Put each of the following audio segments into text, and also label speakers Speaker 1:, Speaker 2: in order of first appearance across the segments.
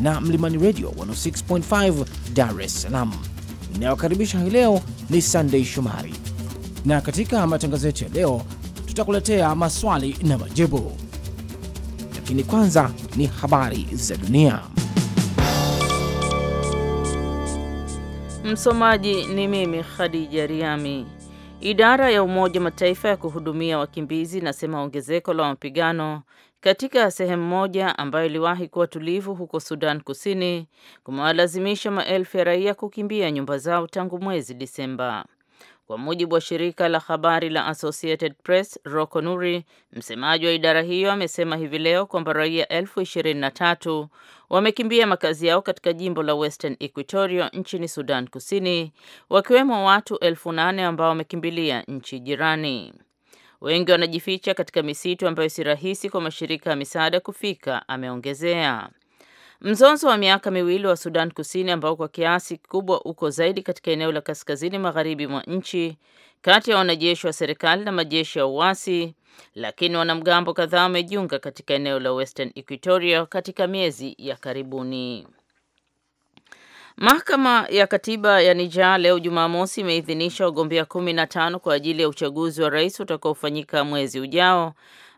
Speaker 1: na Mlimani Radio 106.5 Dar es Salaam. Inayokaribisha hii leo ni Sunday Shomari, na katika matangazo yetu ya leo tutakuletea maswali na majibu, lakini kwanza ni habari za dunia.
Speaker 2: Msomaji ni mimi Khadija Riami. Idara ya Umoja Mataifa ya kuhudumia wakimbizi inasema ongezeko la mapigano katika sehemu moja ambayo iliwahi kuwa tulivu huko Sudan Kusini kumewalazimisha maelfu ya raia kukimbia nyumba zao tangu mwezi Disemba. Kwa mujibu wa shirika la habari la Associated Press, roco Nuri, msemaji wa idara hiyo, amesema hivi leo kwamba raia elfu ishirini na tatu wamekimbia makazi yao katika jimbo la Western Equatoria nchini Sudan Kusini, wakiwemo watu elfu nane ambao wamekimbilia nchi jirani. Wengi wanajificha katika misitu ambayo si rahisi kwa mashirika ya misaada kufika, ameongezea. Mzozo wa miaka miwili wa Sudan Kusini ambao kwa kiasi kikubwa uko zaidi katika eneo la kaskazini magharibi mwa nchi kati ya wanajeshi wa serikali na majeshi ya uasi, lakini wanamgambo kadhaa wamejiunga katika eneo la Western Equatoria katika miezi ya karibuni. Mahakama ya Katiba ya nijaa leo Jumamosi imeidhinisha wagombea kumi na tano kwa ajili ya uchaguzi wa rais utakaofanyika mwezi ujao,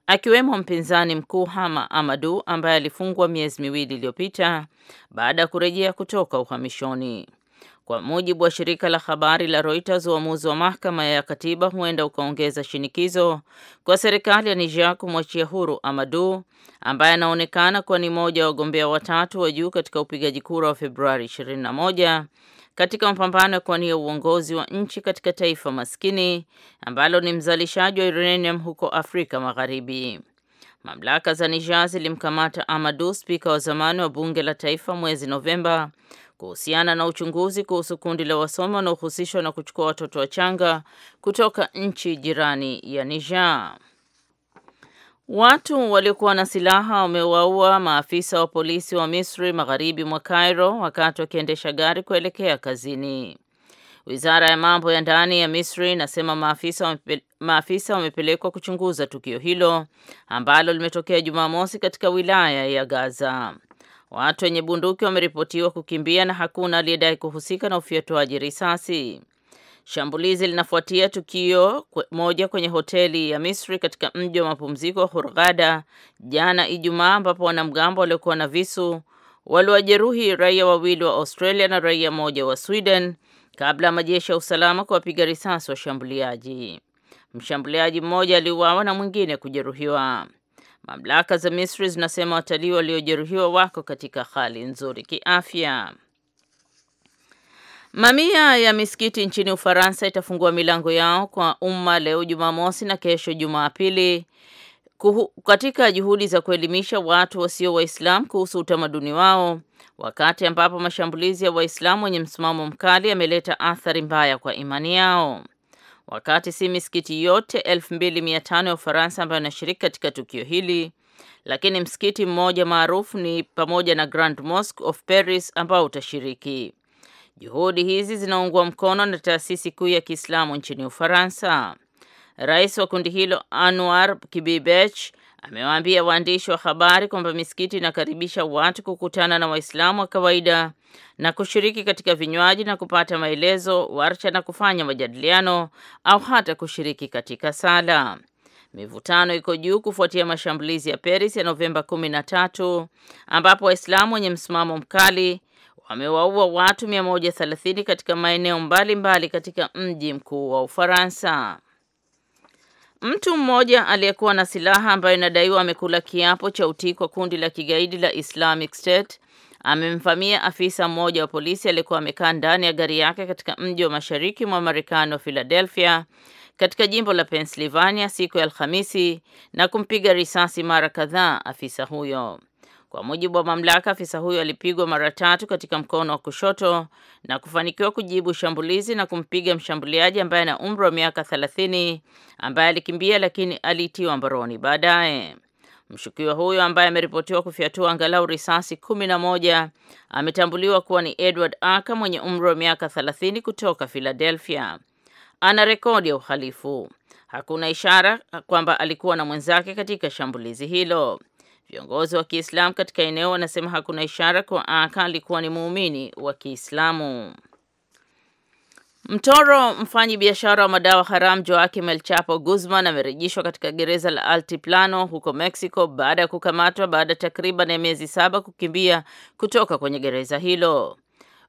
Speaker 2: akiwemo mpinzani mkuu Hama Amadu ambaye alifungwa miezi miwili iliyopita baada ya kurejea kutoka uhamishoni. Kwa mujibu wa shirika la habari la Reuters, uamuzi wa mahakama ya katiba huenda ukaongeza shinikizo kwa serikali ya Niger kumwachia huru Amadu ambaye anaonekana kuwa ni mmoja wa wagombea watatu wa juu katika upigaji kura wa Februari 21 katika mapambano ya kuwania uongozi wa nchi katika taifa maskini ambalo ni mzalishaji wa uranium huko Afrika Magharibi. Mamlaka za Niger zilimkamata Amadu, spika wa zamani wa bunge la taifa, mwezi Novemba kuhusiana na uchunguzi kuhusu kundi la wasomi wanaohusishwa na kuchukua watoto wachanga kutoka nchi jirani ya Niger. Watu waliokuwa na silaha wamewaua maafisa wa polisi wa Misri magharibi mwa Cairo wakati wakiendesha gari kuelekea kazini. Wizara ya mambo ya ndani ya Misri inasema maafisa wamepelekwa kuchunguza tukio hilo ambalo limetokea Jumamosi katika wilaya ya Gaza. Watu wenye bunduki wameripotiwa kukimbia na hakuna aliyedai kuhusika na ufyatuaji risasi. Shambulizi linafuatia tukio moja kwenye hoteli ya Misri katika mji wa mapumziko wa Hurghada jana Ijumaa, ambapo wanamgambo waliokuwa na visu waliwajeruhi raia wawili wa Australia na raia moja wa Sweden kabla ya majeshi ya usalama kuwapiga risasi washambuliaji. Mshambuliaji mmoja aliuawa na mwingine kujeruhiwa. Mamlaka za Misri zinasema watalii waliojeruhiwa wako katika hali nzuri kiafya. Mamia ya misikiti nchini Ufaransa itafungua milango yao kwa umma leo Jumamosi na kesho Jumapili katika juhudi za kuelimisha watu wasio Waislamu kuhusu utamaduni wao, wakati ambapo mashambulizi ya Waislamu wenye msimamo mkali yameleta athari mbaya kwa imani yao wakati si misikiti yote 2500 ya Ufaransa ambayo inashiriki katika tukio hili, lakini msikiti mmoja maarufu ni pamoja na Grand Mosque of Paris ambao utashiriki. Juhudi hizi zinaungwa mkono na taasisi kuu ya Kiislamu nchini Ufaransa. Rais wa kundi hilo Anwar Kibibech amewaambia waandishi wa habari kwamba misikiti inakaribisha watu kukutana na Waislamu wa kawaida na kushiriki katika vinywaji na kupata maelezo, warsha na kufanya majadiliano au hata kushiriki katika sala. Mivutano iko juu kufuatia mashambulizi ya Paris ya Novemba 13 ambapo Waislamu wenye msimamo mkali wamewaua watu 130 katika maeneo mbalimbali katika mji mkuu wa Ufaransa. Mtu mmoja aliyekuwa na silaha ambayo inadaiwa amekula kiapo cha utii kwa kundi la kigaidi la Islamic State amemvamia afisa mmoja wa polisi aliyekuwa amekaa ndani ya gari yake katika mji wa mashariki mwa Marekani wa Philadelphia katika jimbo la Pennsylvania siku ya Alhamisi na kumpiga risasi mara kadhaa afisa huyo. Kwa mujibu wa mamlaka, afisa huyo alipigwa mara tatu katika mkono wa kushoto na kufanikiwa kujibu shambulizi na kumpiga mshambuliaji ambaye ana umri wa miaka 30 ambaye alikimbia, lakini alitiwa mbaroni baadaye. Mshukiwa huyo ambaye ameripotiwa kufyatua angalau risasi kumi na moja ametambuliwa kuwa ni Edward Aka mwenye umri wa miaka 30 kutoka Philadelphia. Ana rekodi ya uhalifu. Hakuna ishara kwamba alikuwa na mwenzake katika shambulizi hilo. Viongozi wa Kiislamu katika eneo wanasema hakuna ishara kwa Aka ah, alikuwa ni muumini wa Kiislamu. Mtoro mfanyi biashara wa madawa haramu Joaquim El Chapo Guzman amerejeshwa katika gereza la Altiplano huko Mexico baada ya kukamatwa baada takriban ya miezi saba kukimbia kutoka kwenye gereza hilo.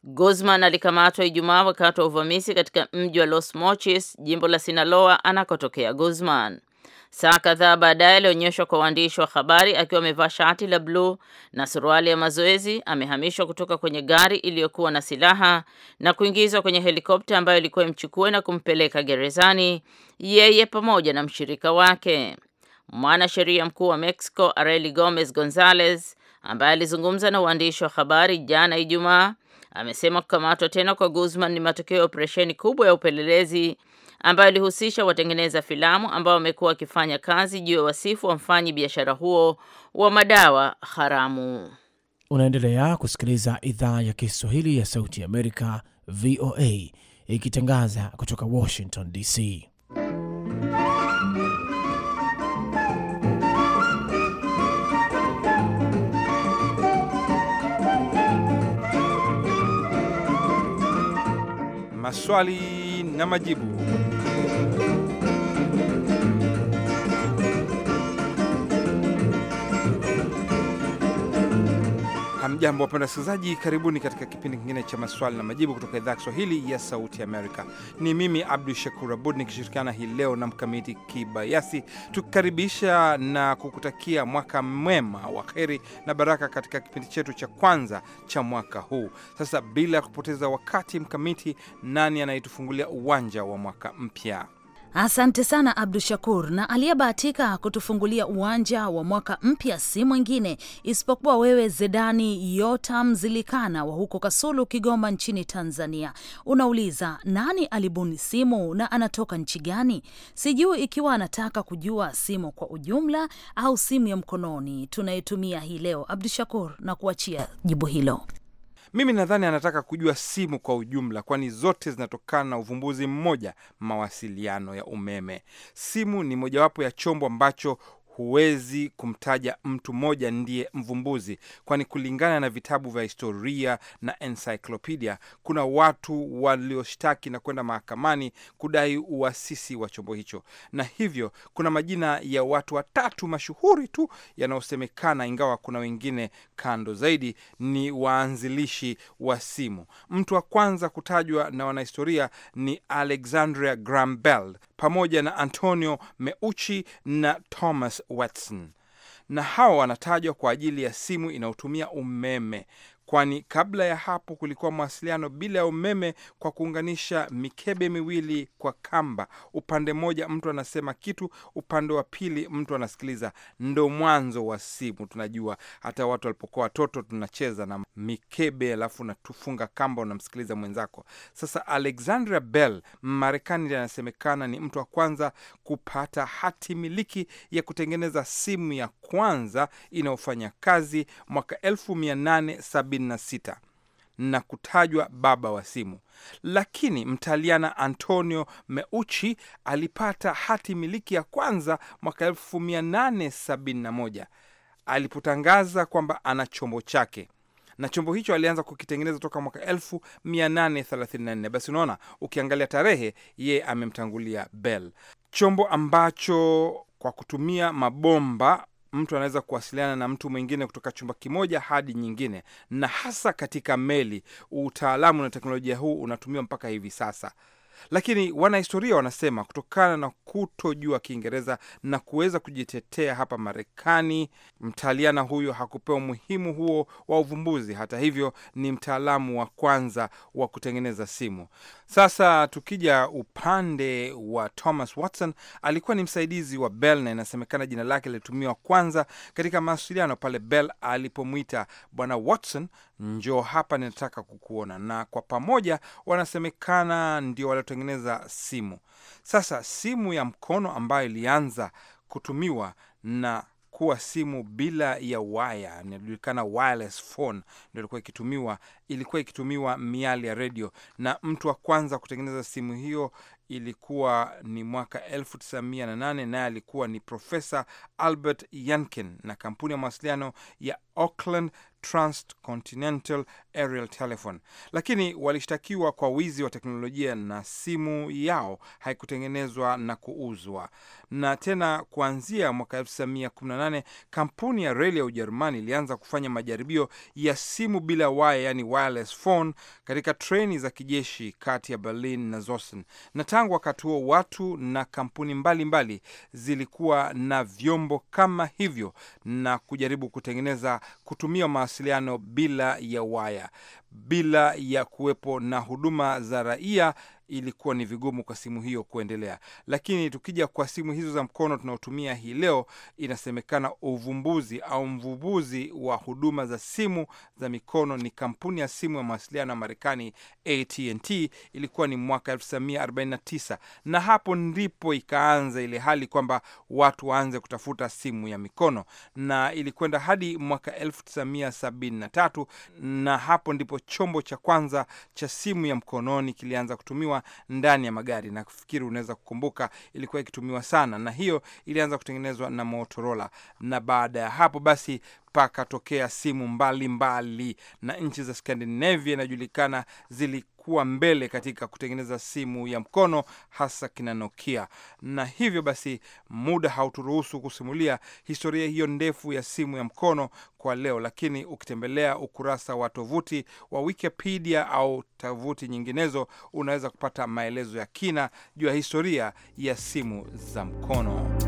Speaker 2: Guzman alikamatwa Ijumaa wakati wa uvamizi katika mji wa Los Mochis, jimbo la Sinaloa anakotokea Guzman. Saa kadhaa baadaye alionyeshwa kwa waandishi wa habari akiwa amevaa shati la bluu na suruali ya mazoezi, amehamishwa kutoka kwenye gari iliyokuwa na silaha na kuingizwa kwenye helikopta ambayo ilikuwa imchukue na kumpeleka gerezani, yeye pamoja na mshirika wake. Mwanasheria mkuu wa Mexico Areli Gomez Gonzalez ambaye alizungumza na waandishi wa habari jana Ijumaa amesema kukamatwa tena kwa Guzman ni matokeo ya operesheni kubwa ya upelelezi ambayo ilihusisha watengeneza filamu ambao wamekuwa wakifanya kazi juu ya wasifu wa mfanyi biashara huo wa madawa haramu.
Speaker 1: Unaendelea kusikiliza idhaa ya Kiswahili ya Sauti ya Amerika, VOA, ikitangaza kutoka Washington DC.
Speaker 3: Maswali na majibu. Hamjambo, wapenda wasikilizaji, karibuni katika kipindi kingine cha maswali na majibu kutoka idhaa ya Kiswahili ya Sauti Amerika. Ni mimi Abdu Shakur Abud nikishirikiana hii leo na Mkamiti Kibayasi, tukikaribisha na kukutakia mwaka mwema wa heri na baraka katika kipindi chetu cha kwanza cha mwaka huu. Sasa bila kupoteza wakati, Mkamiti, nani anayetufungulia uwanja wa mwaka mpya?
Speaker 4: Asante sana Abdu Shakur. Na aliyebahatika kutufungulia uwanja wa mwaka mpya si mwingine isipokuwa wewe, Zedani Yotam Zilikana wa huko Kasulu, Kigoma nchini Tanzania. Unauliza, nani alibuni simu na anatoka nchi gani? Sijui ikiwa anataka kujua simu kwa ujumla au simu ya mkononi tunayetumia hii leo. Abdu Shakur, na kuachia
Speaker 3: jibu hilo. Mimi nadhani anataka kujua simu kwa ujumla, kwani zote zinatokana na uvumbuzi mmoja, mawasiliano ya umeme. Simu ni mojawapo ya chombo ambacho huwezi kumtaja mtu mmoja ndiye mvumbuzi, kwani kulingana na vitabu vya historia na encyclopedia, kuna watu walioshtaki na kwenda mahakamani kudai uasisi wa chombo hicho, na hivyo kuna majina ya watu watatu mashuhuri tu yanayosemekana, ingawa kuna wengine kando zaidi. Ni waanzilishi wa simu. Mtu wa kwanza kutajwa na wanahistoria ni Alexandria Graham Bell pamoja na Antonio Meucci na Thomas Watson na hawa wanatajwa kwa ajili ya simu inayotumia umeme kwani kabla ya hapo kulikuwa mawasiliano bila ya umeme kwa kuunganisha mikebe miwili kwa kamba. Upande mmoja mtu anasema kitu, upande wa pili mtu anasikiliza. Ndo mwanzo wa simu. Tunajua hata watu walipokuwa watoto tunacheza na mikebe, alafu natufunga kamba, unamsikiliza mwenzako. Sasa Alexandria Bell Marekani anasemekana ni mtu wa kwanza kupata hati miliki ya kutengeneza simu ya kwanza inayofanya kazi mwaka 1870 76 na kutajwa baba wa simu, lakini Mtaliana Antonio Meucci alipata hati miliki ya kwanza mwaka 1871 alipotangaza kwamba ana chombo chake na chombo hicho alianza kukitengeneza toka mwaka 1834. Basi unaona, ukiangalia tarehe, ye amemtangulia Bell. Chombo ambacho kwa kutumia mabomba mtu anaweza kuwasiliana na mtu mwingine kutoka chumba kimoja hadi nyingine, na hasa katika meli. Utaalamu na teknolojia huu unatumiwa mpaka hivi sasa. Lakini wanahistoria wanasema kutokana na kutojua Kiingereza na kuweza kujitetea hapa Marekani, mtaliana huyo hakupewa umuhimu huo wa uvumbuzi. Hata hivyo, ni mtaalamu wa kwanza wa kutengeneza simu. Sasa tukija upande wa Thomas Watson, alikuwa ni msaidizi wa Bell na inasemekana jina lake lilitumiwa kwanza katika mawasiliano pale Bell alipomwita Bwana Watson njoo hapa, ninataka kukuona. Na kwa pamoja wanasemekana ndio waliotengeneza simu. Sasa simu ya mkono ambayo ilianza kutumiwa na kuwa simu bila ya waya inajulikana wireless phone, ndio ilikuwa ikitumiwa, ilikuwa ikitumiwa miali ya redio, na mtu wa kwanza kutengeneza simu hiyo ilikuwa ni mwaka 1908 naye alikuwa ni Profesa Albert Yankin na kampuni ya mawasiliano ya Auckland Transcontinental Aerial Telephone, lakini walishtakiwa kwa wizi wa teknolojia na simu yao haikutengenezwa na kuuzwa. Na tena kuanzia mwaka 1918 kampuni ya reli ya Ujerumani ilianza kufanya majaribio ya simu bila waya, yani wireless phone, katika treni za kijeshi kati ya Berlin na Zossen na tangu wakati huo watu na kampuni mbalimbali mbali zilikuwa na vyombo kama hivyo na kujaribu kutengeneza kutumia mawasiliano bila ya waya bila ya kuwepo na huduma za raia ilikuwa ni vigumu kwa simu hiyo kuendelea. Lakini tukija kwa simu hizo za mkono tunaotumia hii leo, inasemekana uvumbuzi au mvumbuzi wa huduma za simu za mikono ni kampuni ya simu ya mawasiliano ya Marekani, AT&T. Ilikuwa ni mwaka 1949 na hapo ndipo ikaanza ile hali kwamba watu waanze kutafuta simu ya mikono, na ilikwenda hadi mwaka 1973 na hapo ndipo chombo cha kwanza cha simu ya mkononi kilianza kutumiwa ndani ya magari, na kufikiri unaweza kukumbuka, ilikuwa ikitumiwa sana, na hiyo ilianza kutengenezwa na Motorola, na baada ya hapo basi pakatokea simu mbalimbali mbali, na nchi za Scandinavia inajulikana zili kuwa mbele katika kutengeneza simu ya mkono hasa kina Nokia, na hivyo basi muda hauturuhusu kusimulia historia hiyo ndefu ya simu ya mkono kwa leo, lakini ukitembelea ukurasa wa tovuti wa Wikipedia au tovuti nyinginezo unaweza kupata maelezo ya kina juu ya historia ya simu za mkono.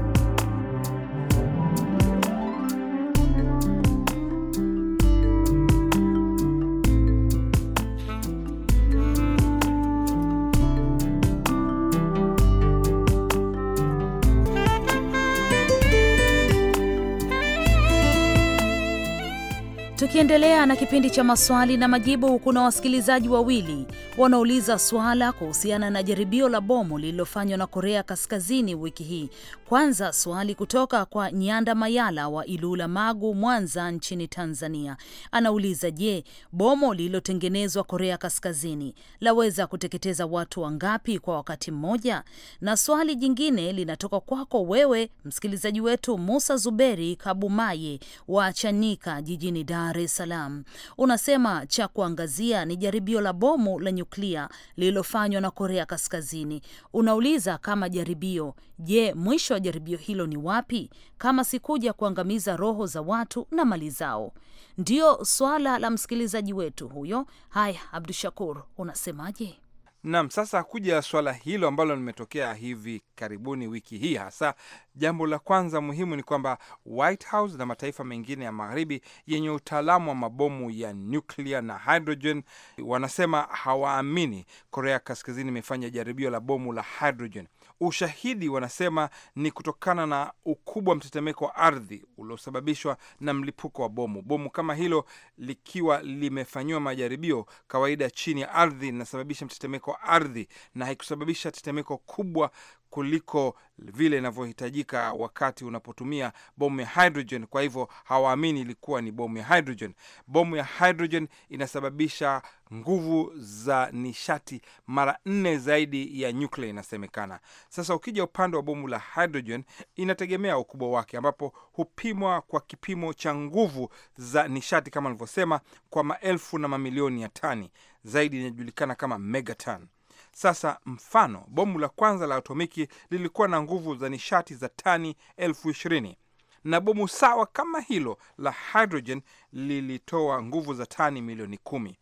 Speaker 4: Tukiendelea na kipindi cha maswali na majibu, kuna wasikilizaji wawili wanauliza swala kuhusiana na jaribio la bomu lililofanywa na Korea Kaskazini wiki hii. Kwanza swali kutoka kwa Nyanda Mayala wa Ilula Magu, Mwanza nchini Tanzania, anauliza je, bomu lililotengenezwa Korea Kaskazini laweza kuteketeza watu wangapi kwa wakati mmoja? Na swali jingine linatoka kwako wewe msikilizaji wetu Musa Zuberi Kabumaye wa Chanika jijini Dar es Salaam unasema cha kuangazia ni jaribio la bomu la nyuklia lililofanywa na Korea Kaskazini. Unauliza kama jaribio, je, mwisho wa jaribio hilo ni wapi kama sikuja kuangamiza roho za watu na mali zao? Ndiyo swala la msikilizaji wetu huyo. Haya, Abdushakur, unasemaje?
Speaker 3: Naam, sasa kuja swala hilo ambalo limetokea hivi karibuni wiki hii hasa. Jambo la kwanza muhimu ni kwamba White House na mataifa mengine ya magharibi yenye utaalamu wa mabomu ya nuklia na hydrogen wanasema hawaamini Korea Kaskazini imefanya jaribio la bomu la hydrogen. Ushahidi wanasema ni kutokana na ukubwa wa mtetemeko wa ardhi uliosababishwa na mlipuko wa bomu. Bomu kama hilo likiwa limefanyiwa majaribio, kawaida chini ya ardhi linasababisha mtetemeko wa ardhi, na haikusababisha tetemeko kubwa kuliko vile inavyohitajika wakati unapotumia bomu ya hydrogen. Kwa hivyo hawaamini ilikuwa ni bomu ya hydrogen. Bomu ya hydrogen inasababisha nguvu za nishati mara nne zaidi ya nyuklia inasemekana. Sasa ukija upande wa bomu la hydrogen, inategemea ukubwa wake, ambapo hupimwa kwa kipimo cha nguvu za nishati kama nilivyosema, kwa maelfu na mamilioni ya tani, zaidi inajulikana kama megaton. Sasa mfano, bomu la kwanza la atomiki lilikuwa na nguvu za nishati za tani elfu ishirini na bomu sawa kama hilo la hydrogen lilitoa nguvu za tani milioni kumi.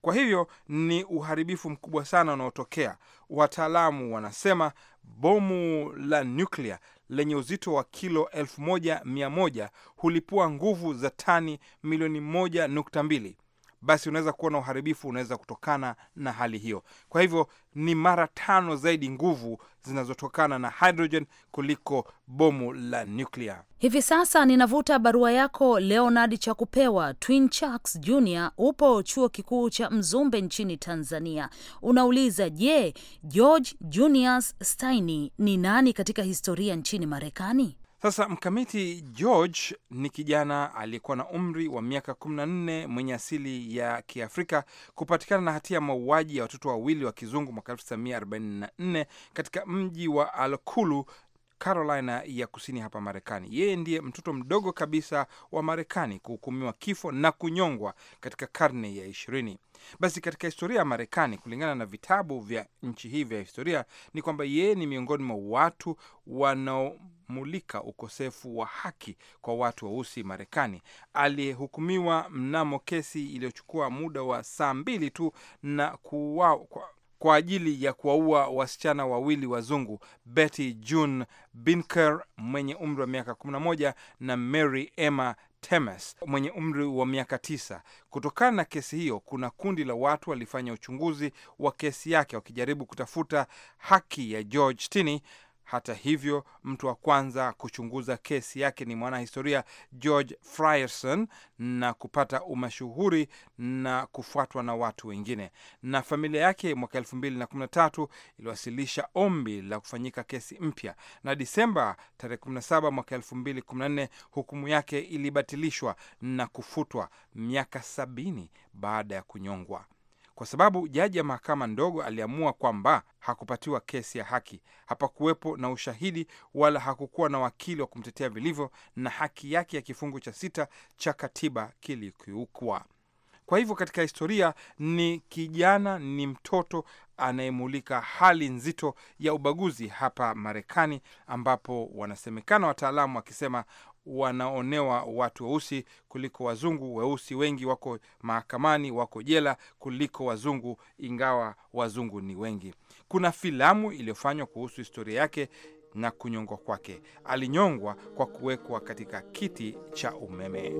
Speaker 3: Kwa hivyo ni uharibifu mkubwa sana unaotokea. Wataalamu wanasema bomu la nyuklia lenye uzito wa kilo elfu moja mia moja hulipua nguvu za tani milioni moja nukta mbili basi unaweza kuona uharibifu unaweza kutokana na hali hiyo. Kwa hivyo ni mara tano zaidi nguvu zinazotokana na hydrogen kuliko bomu la nuklia
Speaker 4: Hivi sasa ninavuta barua yako Leonard Chakupewa Twin Sharks Jr. upo chuo kikuu cha Mzumbe nchini Tanzania. Unauliza, je, George Junius Steini ni nani katika historia nchini
Speaker 3: Marekani? Sasa mkamiti George ni kijana aliyekuwa na umri wa miaka 14 mwenye asili ya Kiafrika kupatikana na hatia ya mauaji ya watoto wawili wa kizungu mwaka 1944 katika mji wa Alkulu Carolina ya Kusini hapa Marekani. Yeye ndiye mtoto mdogo kabisa wa Marekani kuhukumiwa kifo na kunyongwa katika karne ya ishirini. Basi katika historia ya Marekani, kulingana na vitabu vya nchi hii vya historia, ni kwamba yeye ni miongoni mwa watu wanaomulika ukosefu wa haki kwa watu weusi wa Marekani, aliyehukumiwa mnamo kesi iliyochukua muda wa saa mbili tu na kuuawa kwa ajili ya kuwaua wasichana wawili wazungu Betty June Binker mwenye umri wa miaka 11 na Mary Emma Temes mwenye umri wa miaka tisa. Kutokana na kesi hiyo, kuna kundi la watu walifanya uchunguzi wa kesi yake wakijaribu kutafuta haki ya George Tini hata hivyo, mtu wa kwanza kuchunguza kesi yake ni mwanahistoria George Frierson na kupata umashuhuri na kufuatwa na watu wengine. Na familia yake mwaka tatu iliwasilisha ombi la kufanyika kesi mpya, na Disemba tarehe 17 mwaka nne hukumu yake ilibatilishwa na kufutwa miaka sabini baada ya kunyongwa kwa sababu jaji ya mahakama ndogo aliamua kwamba hakupatiwa kesi ya haki. Hapakuwepo na ushahidi wala hakukuwa na wakili wa kumtetea vilivyo, na haki yake ya kifungu cha sita cha katiba kilikiukwa. Kwa hivyo katika historia ni kijana, ni mtoto anayemulika hali nzito ya ubaguzi hapa Marekani, ambapo wanasemekana wataalamu wakisema wanaonewa watu weusi kuliko wazungu. Weusi wengi wako mahakamani, wako jela kuliko wazungu, ingawa wazungu ni wengi. Kuna filamu iliyofanywa kuhusu historia yake na kunyongwa kwake. Alinyongwa kwa kuwekwa katika kiti cha umeme.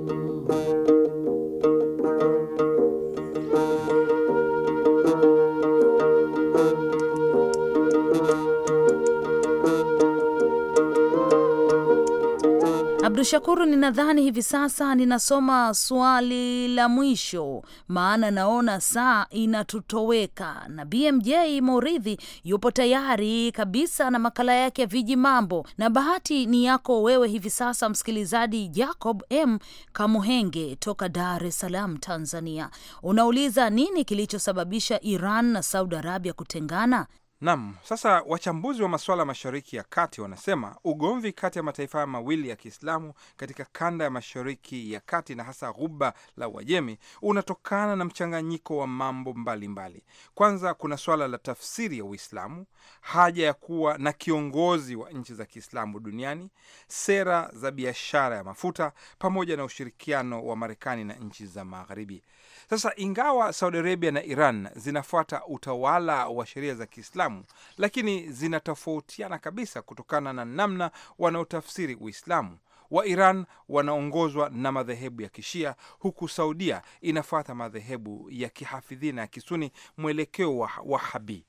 Speaker 4: Abdu Shakuru, ninadhani hivi sasa ninasoma swali la mwisho, maana naona saa inatutoweka, na BMJ Moridhi yupo tayari kabisa na makala yake ya viji mambo, na bahati ni yako wewe hivi sasa, msikilizaji. Jacob M Kamuhenge toka Dar es Salaam, Tanzania, unauliza nini kilichosababisha Iran na Saudi Arabia
Speaker 3: kutengana? Nam, sasa wachambuzi wa masuala ya Mashariki ya Kati wanasema ugomvi kati ya mataifa mawili ya Kiislamu katika kanda ya Mashariki ya Kati na hasa Ghuba la Uajemi unatokana na mchanganyiko wa mambo mbalimbali mbali. Kwanza kuna suala la tafsiri ya Uislamu, haja ya kuwa na kiongozi wa nchi za Kiislamu duniani, sera za biashara ya mafuta, pamoja na ushirikiano wa Marekani na nchi za Magharibi. Sasa ingawa Saudi Arabia na Iran zinafuata utawala wa sheria za Kiislamu, lakini zinatofautiana kabisa kutokana na namna wanaotafsiri Uislamu. Wa Iran wanaongozwa na madhehebu ya Kishia, huku Saudia inafuata madhehebu ya Kihafidhina ya Kisuni, mwelekeo wa Wahabi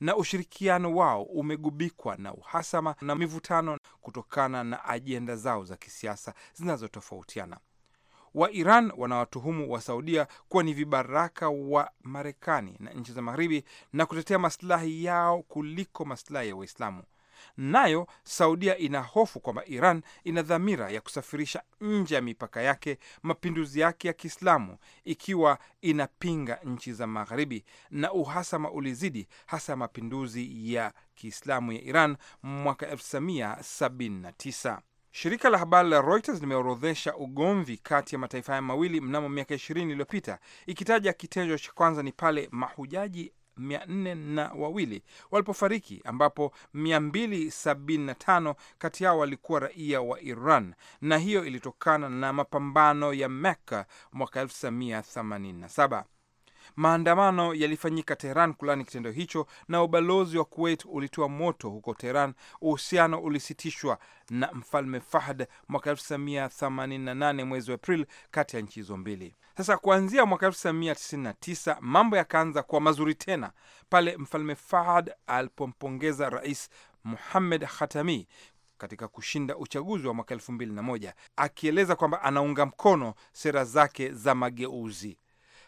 Speaker 3: na ushirikiano wao umegubikwa na uhasama na mivutano kutokana na ajenda zao za kisiasa zinazotofautiana wa Iran wanawatuhumu wa Saudia kuwa ni vibaraka wa Marekani na nchi za Magharibi na kutetea masilahi yao kuliko masilahi ya Waislamu. Nayo Saudia ina hofu kwamba Iran ina dhamira ya kusafirisha nje ya mipaka yake mapinduzi yake ya Kiislamu ikiwa inapinga nchi za Magharibi, na uhasama ulizidi hasa mapinduzi ya Kiislamu ya Iran mwaka 1979. Shirika la habari la Reuters limeorodhesha ugomvi kati ya mataifa haya mawili mnamo miaka ishirini iliyopita ikitaja kitenjo cha kwanza ni pale mahujaji mia nne na wawili walipofariki ambapo 275 kati yao walikuwa raia wa Iran, na hiyo ilitokana na mapambano ya Mecca mwaka saba. Maandamano yalifanyika Teheran kulani kitendo hicho, na ubalozi wa Kuwait ulitoa moto huko Teheran. Uhusiano ulisitishwa na Mfalme Fahd mwaka 1988 mwezi wa Aprili, kati ya nchi hizo mbili. Sasa kuanzia mwaka 1999 mambo yakaanza kuwa mazuri tena pale Mfalme Fahd alipompongeza Rais Muhammed Khatami katika kushinda uchaguzi wa mwaka elfu mbili na moja akieleza kwamba anaunga mkono sera zake za mageuzi.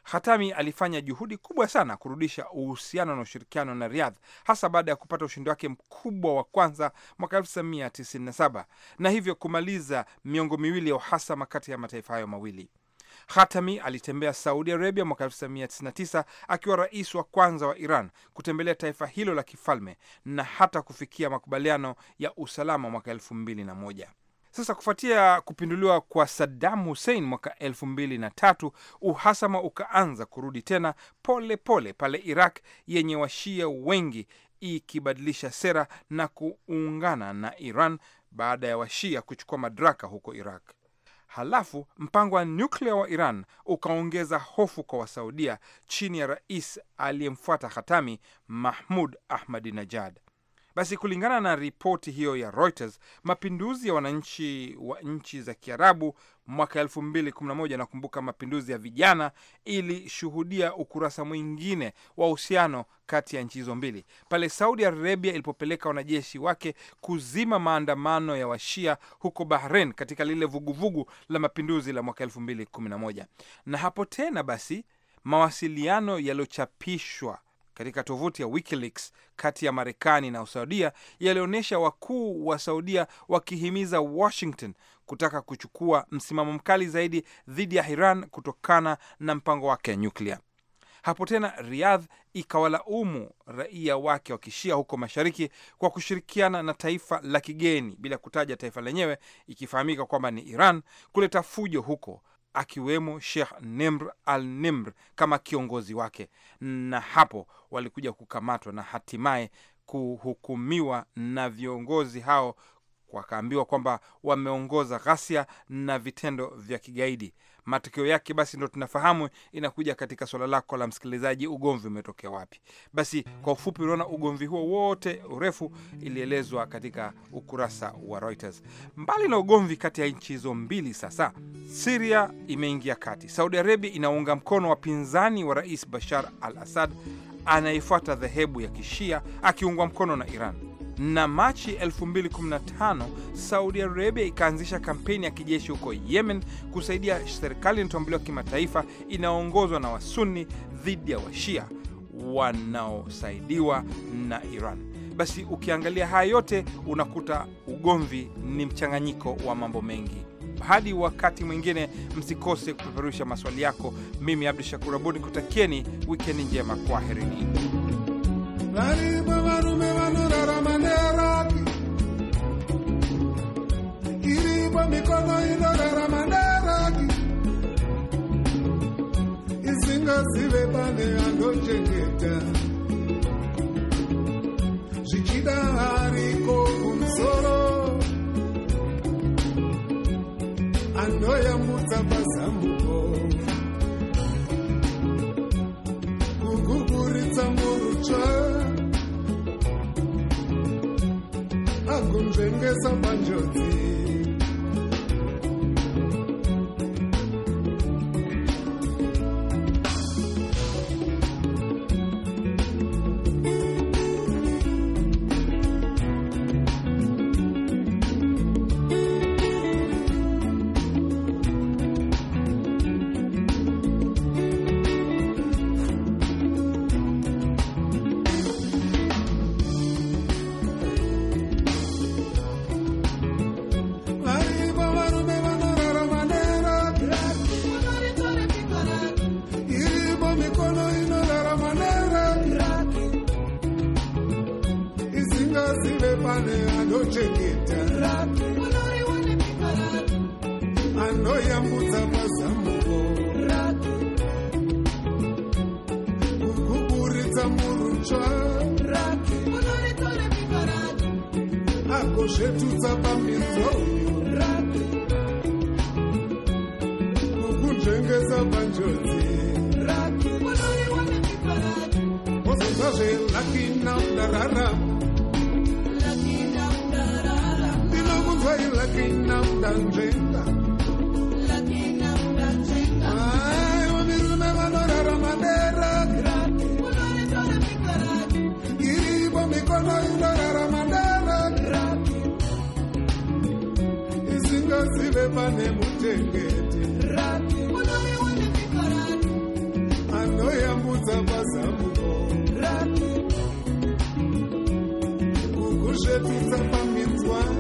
Speaker 3: Hatami alifanya juhudi kubwa sana kurudisha uhusiano na ushirikiano na Riyadh, hasa baada ya kupata ushindi wake mkubwa wa kwanza mwaka 1997 na hivyo kumaliza miongo miwili ya uhasama kati ya mataifa hayo mawili. Hatami alitembea Saudi Arabia mwaka 1999 akiwa rais wa kwanza wa Iran kutembelea taifa hilo la kifalme na hata kufikia makubaliano ya usalama mwaka 2001. Sasa kufuatia kupinduliwa kwa Saddam Hussein mwaka elfu mbili na tatu, uhasama ukaanza kurudi tena pole pole pale Iraq yenye washia wengi ikibadilisha sera na kuungana na Iran baada ya washia kuchukua madaraka huko Iraq. Halafu mpango wa nyuklia wa Iran ukaongeza hofu kwa Wasaudia chini ya rais aliyemfuata Khatami, Mahmud Ahmadinejad. Basi kulingana na ripoti hiyo ya Reuters, mapinduzi ya wananchi wa nchi za Kiarabu mwaka 2011, nakumbuka mapinduzi ya vijana, ilishuhudia ukurasa mwingine wa uhusiano kati ya nchi hizo mbili, pale Saudi Arabia ilipopeleka wanajeshi wake kuzima maandamano ya washia huko Bahrain katika lile vuguvugu la mapinduzi la mwaka 2011. Na hapo tena basi mawasiliano yaliyochapishwa katika tovuti ya WikiLeaks kati ya Marekani na Saudia yalionyesha wakuu wa Saudia wakihimiza Washington kutaka kuchukua msimamo mkali zaidi dhidi ya Iran kutokana na mpango wake wa nyuklia. Hapo tena Riyadh ikawalaumu raia wake wa kishia huko mashariki kwa kushirikiana na taifa la kigeni bila kutaja taifa lenyewe, ikifahamika kwamba ni Iran, kuleta fujo huko akiwemo Sheikh Nimr al Nimr kama kiongozi wake, na hapo walikuja kukamatwa na hatimaye kuhukumiwa na viongozi hao wakaambiwa kwamba wameongoza ghasia na vitendo vya kigaidi matokeo yake basi ndo tunafahamu, inakuja katika swala lako la msikilizaji, ugomvi umetokea wapi. Basi kwa ufupi, unaona ugomvi huo wote urefu ilielezwa katika ukurasa wa Reuters. Mbali na ugomvi kati ya nchi hizo mbili, sasa Siria imeingia kati. Saudi Arabia inaunga mkono wapinzani wa rais Bashar al Assad anayefuata dhehebu ya Kishia akiungwa mkono na Iran na Machi 2015 Saudi Arabia ikaanzisha kampeni ya kijeshi huko Yemen kusaidia serikali ya kimataifa inayoongozwa na wasuni dhidi ya Washia wanaosaidiwa na Iran. Basi ukiangalia haya yote unakuta ugomvi ni mchanganyiko wa mambo mengi. Hadi wakati mwingine, msikose kupeperusha maswali yako. Mimi Abdu Shakur Abud, kutakieni wikendi njema, kwaherini.
Speaker 5: nazywe bane andochengeta zvichida hariko kumusoro anoyambudza mazambuko kuguguridza murutsva agonzvengesa panjodzi Thank you. kukuburitsa murutsva mikono raramandera grati iribo mikono ilo raramandera grati izinga zive pane mutengete anoyambudza pazamuko kukuzvetidza paminzwana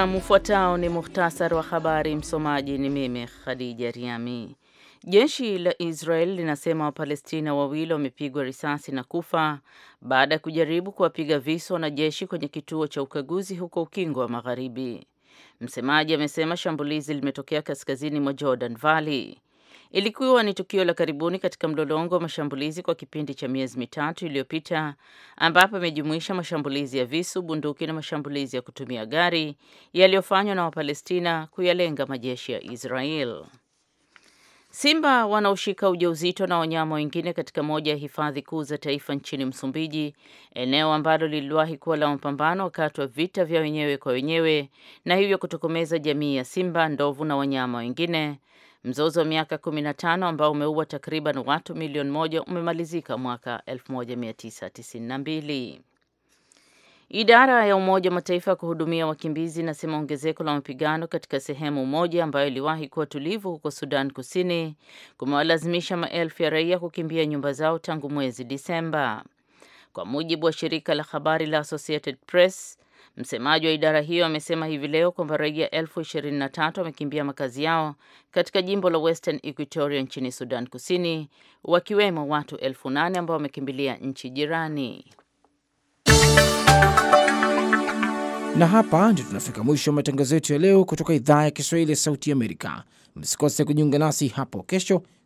Speaker 2: Naam, ufuatao ni muhtasari wa habari. Msomaji ni mimi Khadija Riami. Jeshi la Israel linasema Wapalestina wawili wamepigwa risasi na kufa baada ya kujaribu kuwapiga visu wanajeshi kwenye kituo cha ukaguzi huko Ukingo wa Magharibi. Msemaji amesema shambulizi limetokea kaskazini mwa Jordan Valley. Ilikuwa ni tukio la karibuni katika mlolongo wa mashambulizi kwa kipindi cha miezi mitatu iliyopita, ambapo imejumuisha mashambulizi ya visu, bunduki na mashambulizi ya kutumia gari yaliyofanywa na Wapalestina kuyalenga majeshi ya Israel. Simba wanaoshika ujauzito na wanyama wengine katika moja ya hifadhi kuu za taifa nchini Msumbiji, eneo ambalo liliwahi kuwa la mapambano wakati wa vita vya wenyewe kwa wenyewe, na hivyo kutokomeza jamii ya simba, ndovu na wanyama wengine, Mzozo wa miaka 15 ambao umeua takriban watu milioni moja umemalizika mwaka 1992. Idara ya Umoja wa Mataifa ya kuhudumia wakimbizi inasema ongezeko la mapigano katika sehemu moja ambayo iliwahi kuwa tulivu huko Sudan Kusini kumewalazimisha maelfu ya raia kukimbia nyumba zao tangu mwezi Disemba. Kwa mujibu wa shirika la habari la Associated Press, Msemaji wa idara hiyo amesema hivi leo kwamba raia elfu ishirini na tatu wamekimbia makazi yao katika jimbo la Western Equatoria nchini Sudan Kusini, wakiwemo watu elfu nane ambao wamekimbilia nchi jirani.
Speaker 1: Na hapa ndio tunafika mwisho wa matangazo yetu ya leo kutoka idhaa ya Kiswahili ya Sauti Amerika. Msikose kujiunga nasi hapo kesho